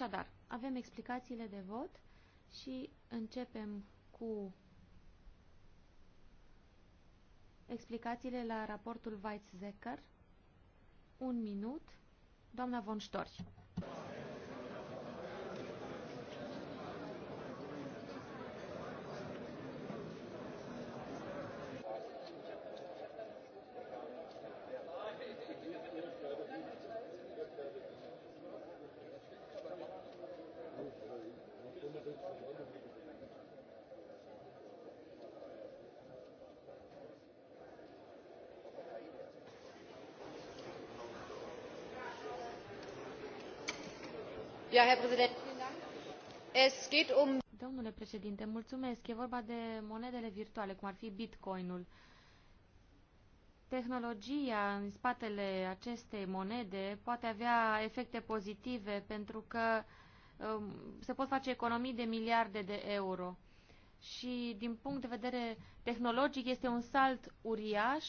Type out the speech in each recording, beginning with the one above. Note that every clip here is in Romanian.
Așadar, avem explicațiile de vot și începem cu explicațiile la raportul Weizsäcker. Un minut. Doamna von Storch. Um- Domnule președinte, mulțumesc. E vorba de monedele virtuale, cum ar fi bitcoinul. Tehnologia în spatele acestei monede poate avea efecte pozitive pentru că um, se pot face economii de miliarde de euro. Și din punct de vedere tehnologic este un salt uriaș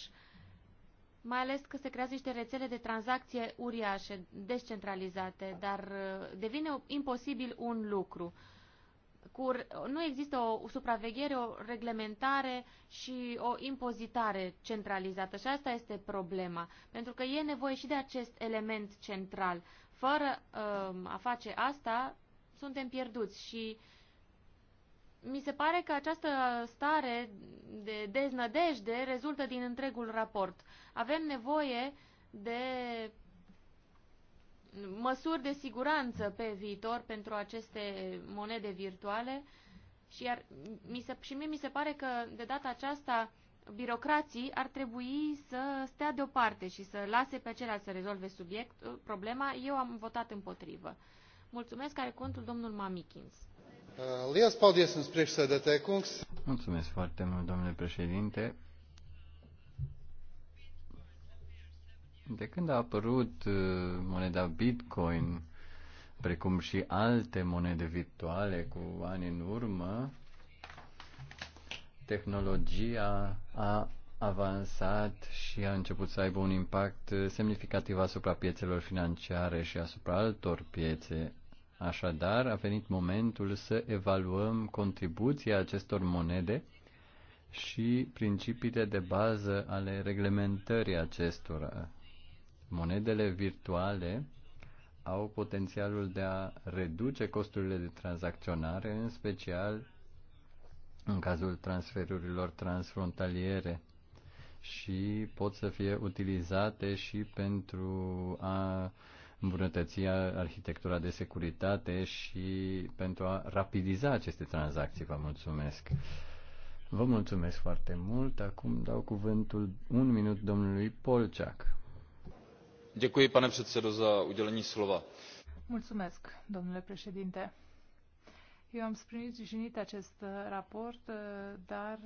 mai ales că se creează niște rețele de tranzacție uriașe, descentralizate, dar uh, devine imposibil un lucru. Cu, nu există o supraveghere, o reglementare și o impozitare centralizată și asta este problema, pentru că e nevoie și de acest element central. Fără uh, a face asta, suntem pierduți și uh, mi se pare că această stare de deznădejde rezultă din întregul raport. Avem nevoie de măsuri de siguranță pe viitor pentru aceste monede virtuale și, iar, mi se, și mie mi se pare că de data aceasta birocrații ar trebui să stea deoparte și să lase pe acelea să rezolve subiect, uh, problema. Eu am votat împotrivă. Mulțumesc, are contul domnul Mamikins. Uh, Mulțumesc foarte mult, domnule președinte. De când a apărut uh, moneda Bitcoin, precum și alte monede virtuale cu ani în urmă, tehnologia a avansat și a început să aibă un impact semnificativ asupra piețelor financiare și asupra altor piețe Așadar, a venit momentul să evaluăm contribuția acestor monede și principiile de bază ale reglementării acestora. Monedele virtuale au potențialul de a reduce costurile de tranzacționare, în special în cazul transferurilor transfrontaliere și pot să fie utilizate și pentru a îmbunătăți arhitectura de securitate și pentru a rapidiza aceste tranzacții. Vă mulțumesc. Vă mulțumesc foarte mult. Acum dau cuvântul un minut domnului Polceac. Děkuji, pane předsedo, za udělení slova. Mulțumesc, domnule președinte. Eu am sprijinit acest raport, dar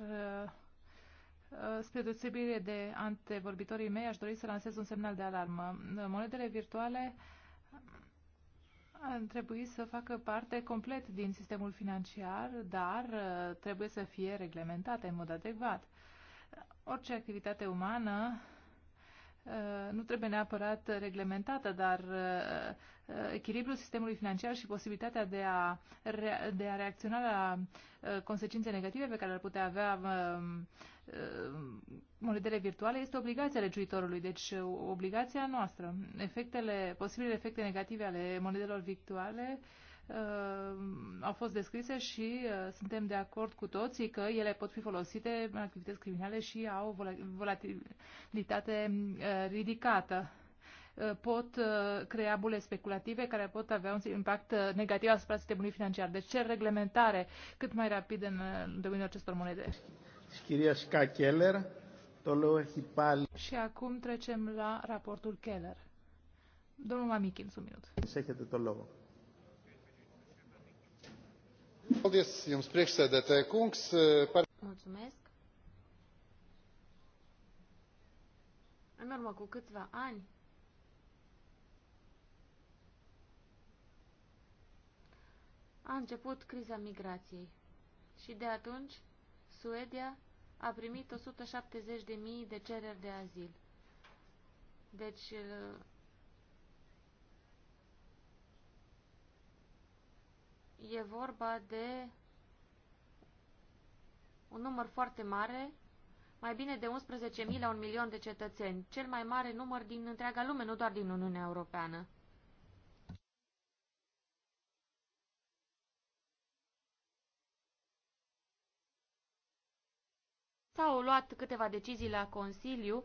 Uh, spre deosebire de antevorbitorii mei, aș dori să lansez un semnal de alarmă. Uh, monedele virtuale ar trebui să facă parte complet din sistemul financiar, dar uh, trebuie să fie reglementate în mod adecvat. Orice activitate umană Uh, nu trebuie neapărat reglementată, dar uh, uh, echilibrul sistemului financiar și posibilitatea de a, de a reacționa la consecințe negative pe care ar putea avea um, monedele virtuale este obligația legiuitorului, deci obligația noastră. Efectele, posibile efecte negative ale monedelor virtuale uh, Uh, au fost descrise și uh, suntem de acord cu toții că ele pot fi folosite în activități criminale și au volatilitate uh, ridicată pot crea bule speculative care pot avea un impact negativ asupra sistemului financiar. Deci cer reglementare cât mai rapid în domeniul acestor monede. Keller, și acum trecem la raportul Keller. Domnul Mamichin, un minut. Secretul Eh, În urmă cu câțiva ani, a început criza migrației și de atunci Suedia a primit 170.000 de cereri de azil. Deci eh, e vorba de un număr foarte mare, mai bine de 11.000 la un milion de cetățeni, cel mai mare număr din întreaga lume, nu doar din Uniunea Europeană. S-au luat câteva decizii la Consiliu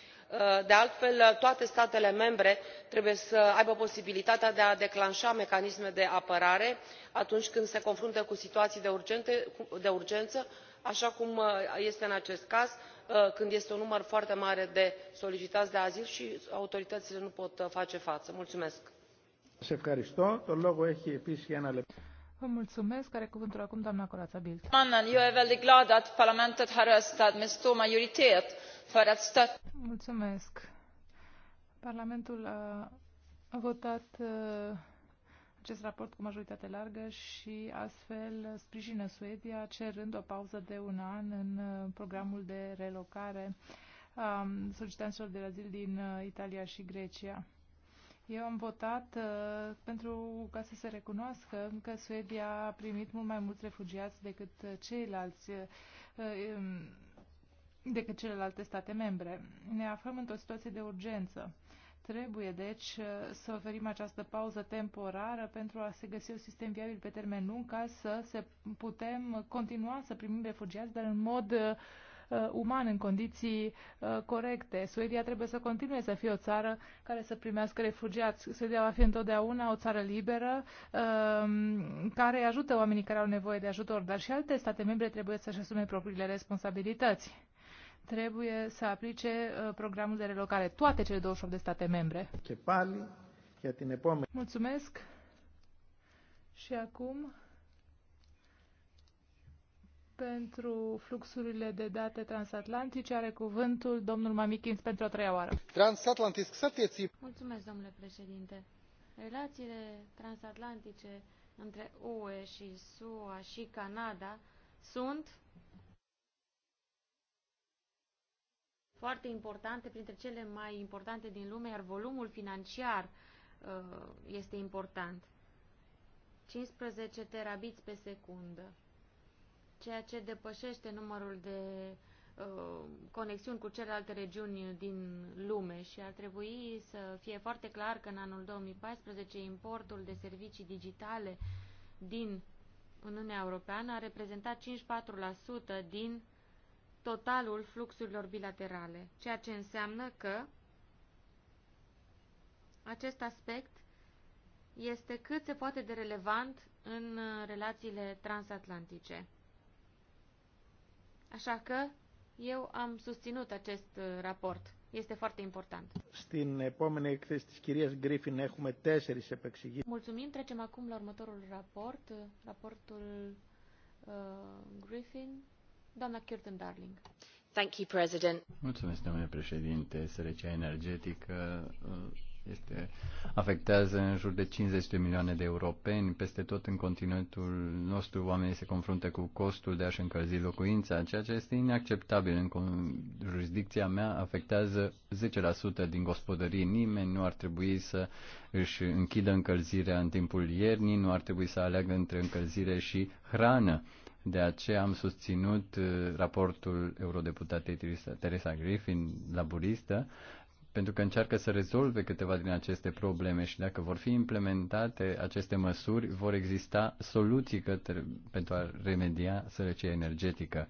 Uh, de altfel uh, toate statele membre trebuie să aibă posibilitatea de a declanșa mecanisme de apărare atunci când se confruntă cu situații de urgență așa cum uh, este în acest caz când este un număr foarte mare de solicitanți de azil și autoritățile nu pot face față. mulțumesc. Mulțumesc. cuvântul acum är väldigt glad att parlamentet har röstat med stor majoritet Mulțumesc. Parlamentul a votat acest raport cu majoritate largă și astfel sprijină Suedia cerând o pauză de un an în programul de relocare a solicitanților de azil din Italia și Grecia. Eu am votat uh, pentru ca să se recunoască că Suedia a primit mult mai mulți refugiați decât ceilalți uh, decât celelalte state membre. Ne aflăm într-o situație de urgență. Trebuie, deci, să oferim această pauză temporară pentru a se găsi un sistem viabil pe termen lung ca să se putem continua să primim refugiați, dar în mod uh, uman, în condiții uh, corecte. Suedia trebuie să continue să fie o țară care să primească refugiați. Suedia va fi întotdeauna o țară liberă uh, care ajută oamenii care au nevoie de ajutor, dar și alte state membre trebuie să-și asume propriile responsabilități trebuie să aplice uh, programul de relocare. Toate cele 28 de state membre. Mulțumesc. Și acum, pentru fluxurile de date transatlantice, are cuvântul domnul Mamikins pentru a treia oară. Transatlantic, satieții. Mulțumesc, domnule președinte. Relațiile transatlantice între UE și SUA și Canada sunt foarte importante, printre cele mai importante din lume, iar volumul financiar uh, este important. 15 terabiți pe secundă, ceea ce depășește numărul de uh, conexiuni cu celelalte regiuni din lume și ar trebui să fie foarte clar că în anul 2014 importul de servicii digitale din Uniunea Europeană a reprezentat 54% din totalul fluxurilor bilaterale, ceea ce înseamnă că acest aspect este cât se poate de relevant în uh, relațiile transatlantice. Așa că eu am susținut acest uh, raport. Este foarte important. Στην επόμενη εκθέση της κυρίας Γκρίφιν έχουμε τέσσερις επεξηγήσεις. Mulțumim. Trecem acum la următorul raport, uh, raportul uh, Griffin Darling. Thank you, President. Mulțumesc, domnule președinte. Sărăcia energetică uh, este, afectează în jur de 50 de milioane de europeni. Peste tot în continentul nostru oamenii se confruntă cu costul de a-și încălzi locuința, ceea ce este inacceptabil. În jurisdicția mea afectează 10% din gospodării. Nimeni nu ar trebui să își închidă încălzirea în timpul iernii, nu ar trebui să aleagă între încălzire și hrană. De aceea am susținut uh, raportul eurodeputatei Teresa Griffin, laburistă, pentru că încearcă să rezolve câteva din aceste probleme și dacă vor fi implementate aceste măsuri, vor exista soluții către, pentru a remedia sărăcia energetică.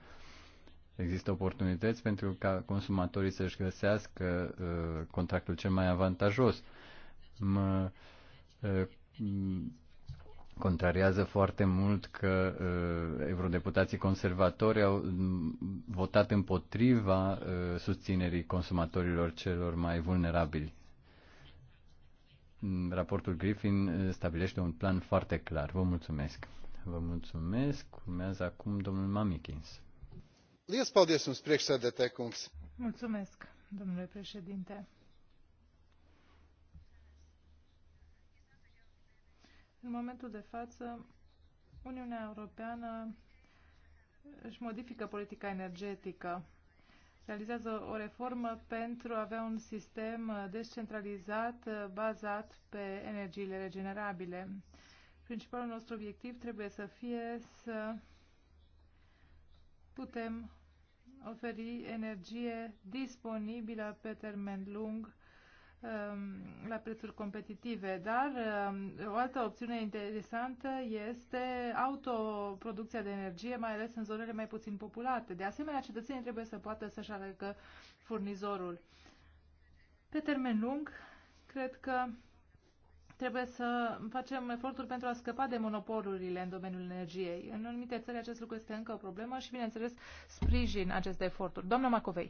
Există oportunități pentru ca consumatorii să-și găsească uh, contractul cel mai avantajos. Mă uh, contrariază foarte mult că uh, eurodeputații conservatori au mm, votat împotriva uh, susținerii consumatorilor celor mai vulnerabili. Mm, raportul Griffin uh, stabilește un plan foarte clar. Vă mulțumesc. Vă mulțumesc. Urmează acum domnul Mamikins. Mulțumesc, domnule președinte. În momentul de față, Uniunea Europeană își modifică politica energetică, realizează o reformă pentru a avea un sistem descentralizat uh, bazat pe energiile regenerabile. Principalul nostru obiectiv trebuie să fie să putem oferi energie disponibilă pe termen lung Um, la prețuri competitive, dar um, o altă opțiune interesantă este autoproducția de energie, mai ales în zonele mai puțin populate. De asemenea, cetățenii trebuie să poată să-și alegă furnizorul. Pe termen lung, cred că trebuie să facem eforturi pentru a scăpa de monopolurile în domeniul energiei. În anumite țări acest lucru este încă o problemă și, bineînțeles, sprijin aceste eforturi. Doamna Macovei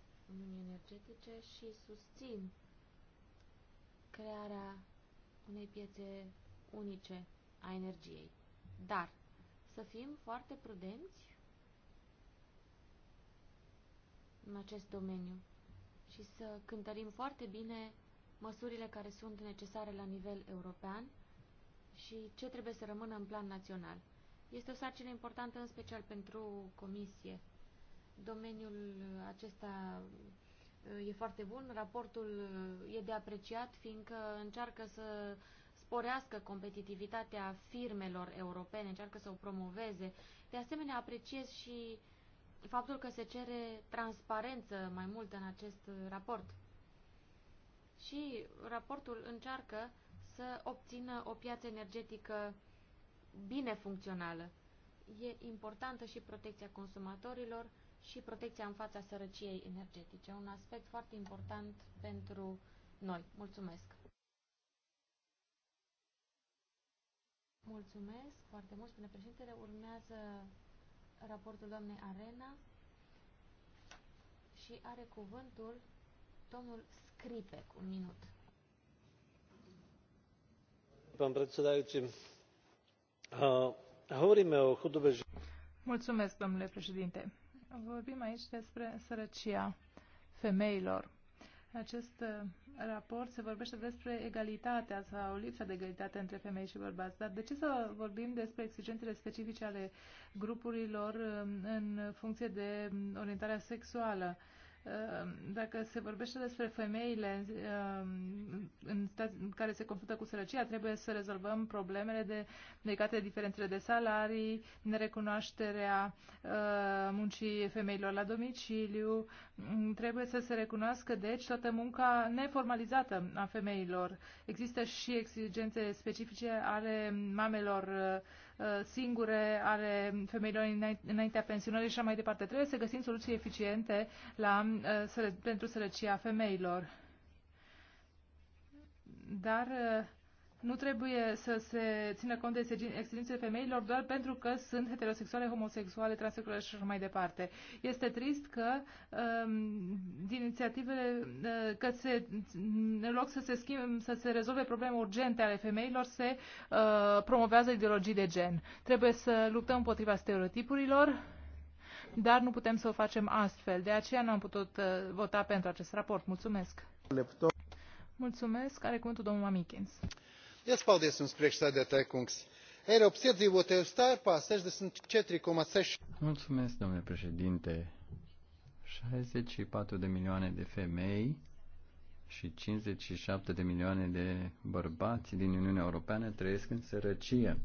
Uniunii Energetice și susțin crearea unei piețe unice a energiei. Dar să fim foarte prudenți în acest domeniu și să cântărim foarte bine măsurile care sunt necesare la nivel european și ce trebuie să rămână în plan național. Este o sarcină importantă în special pentru Comisie Domeniul acesta uh, e foarte bun, raportul uh, e de apreciat, fiindcă încearcă să sporească competitivitatea firmelor europene, încearcă să o promoveze. De asemenea, apreciez și faptul că se cere transparență mai mult în acest uh, raport. Și raportul încearcă să obțină o piață energetică bine funcțională e importantă și protecția consumatorilor și protecția în fața sărăciei energetice. Un aspect foarte important pentru noi. Mulțumesc! Mulțumesc foarte mult, spune președintele. Urmează raportul doamnei Arena și are cuvântul domnul Scripec, un minut. Domnul președinte, Mulțumesc, domnule președinte. Vorbim aici despre sărăcia femeilor. În acest uh, raport se vorbește despre egalitatea sau lipsa de egalitate între femei și bărbați. Dar de ce să vorbim despre exigențele specifice ale grupurilor uh, în funcție de um, orientarea sexuală? Ehm, dacă se vorbește despre femeile ehm, în, care se confruntă cu sărăcia, trebuie să rezolvăm problemele de, legate de diferențele de salarii, nerecunoașterea ehm, muncii femeilor la domiciliu. Mm, trebuie să se recunoască, deci, toată munca neformalizată a femeilor. Există și exigențe specifice ale mamelor Uh, singure ale femeilor înaintea pensionării și așa mai departe. Trebuie să găsim soluții eficiente la, uh, pentru sărăcia femeilor. Dar uh, nu trebuie să se țină cont de exigențele femeilor doar pentru că sunt heterosexuale, homosexuale, transexuale și așa mai departe. Este trist că um, din inițiativele uh, că se, în loc să se schimb, să se rezolve probleme urgente ale femeilor, se uh, promovează ideologii de gen. Trebuie să luptăm împotriva stereotipurilor, dar nu putem să o facem astfel. De aceea nu am putut uh, vota pentru acest raport. Mulțumesc! Mulțumesc. Are cuvântul domnul Mamikins iespaw paldies jums priekšsēdētāja kungs. eiropas iedzīvotāju starpā sešdesmit četri 4,6. Mulțumesc, domnule președinte. 64 de milioane de femei și 57 de milioane de bărbați din Uniunea Europeană trăiesc în sărăcie.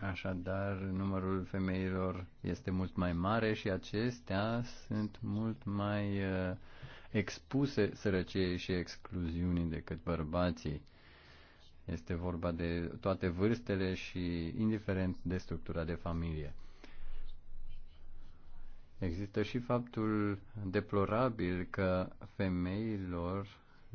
Așadar, numărul femeilor este mult mai mare și acestea sunt mult mai uh, expuse sărăciei și excluziunii decât bărbații. Este vorba de toate vârstele și indiferent de structura de familie. Există și faptul deplorabil că femeilor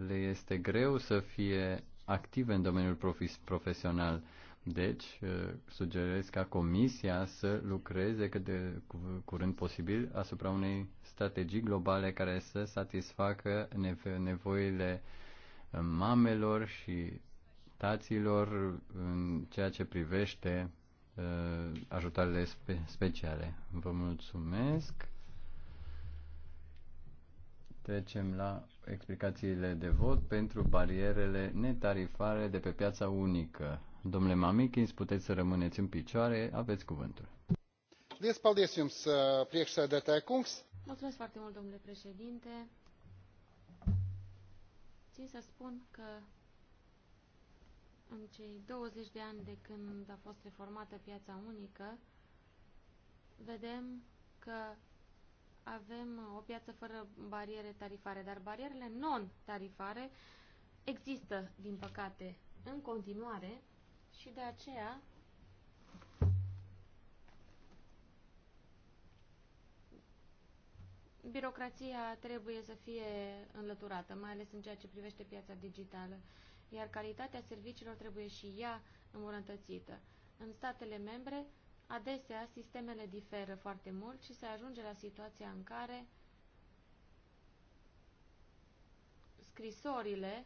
le este greu să fie active în domeniul profesional. Deci, uh, sugerez ca Comisia să lucreze cât de curând posibil asupra unei strategii globale care să satisfacă nevoile uh, mamelor și taților în ceea ce privește uh, ajutoarele speciale. Vă mulțumesc. Trecem la explicațiile de vot pentru barierele netarifare de pe piața unică. Domnule Mamikins, puteți să rămâneți în picioare, aveți cuvântul. Uh, Mulțumesc foarte mult, domnule președinte. Țin să spun că în cei 20 de ani de când a fost reformată piața unică, vedem că avem o piață fără bariere tarifare, dar barierele non-tarifare există, din păcate, în continuare și de aceea birocrația trebuie să fie înlăturată, mai ales în ceea ce privește piața digitală, iar calitatea serviciilor trebuie și ea îmbunătățită. În statele membre, adesea, sistemele diferă foarte mult și se ajunge la situația în care scrisorile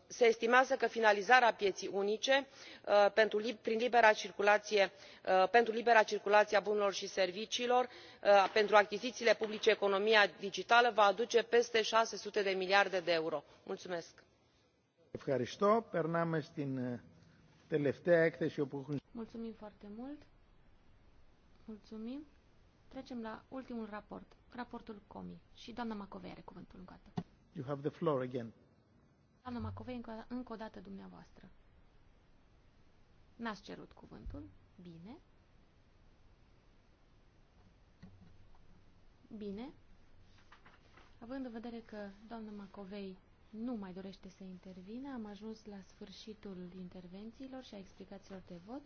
se estimează că finalizarea pieței unice uh, uh, pentru libera circulație a bunurilor și serviciilor uh, pentru achizițiile publice economia digitală va aduce peste șase sute de miliarde de euro. mulțumesc. mulțumim foarte mult. mulțumim. la ultimul raport raportul comi și macovei cuvântul Doamna Macovei, încă, încă o dată dumneavoastră. N-ați cerut cuvântul? Bine. Bine. Având în vedere că doamna Macovei nu mai dorește să intervine, am ajuns la sfârșitul intervențiilor și a explicațiilor de vot.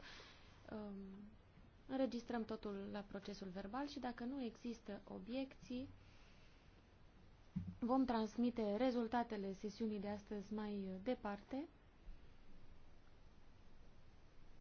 Um, înregistrăm totul la procesul verbal și dacă nu există obiecții, Vom transmite rezultatele sesiunii de astăzi mai departe.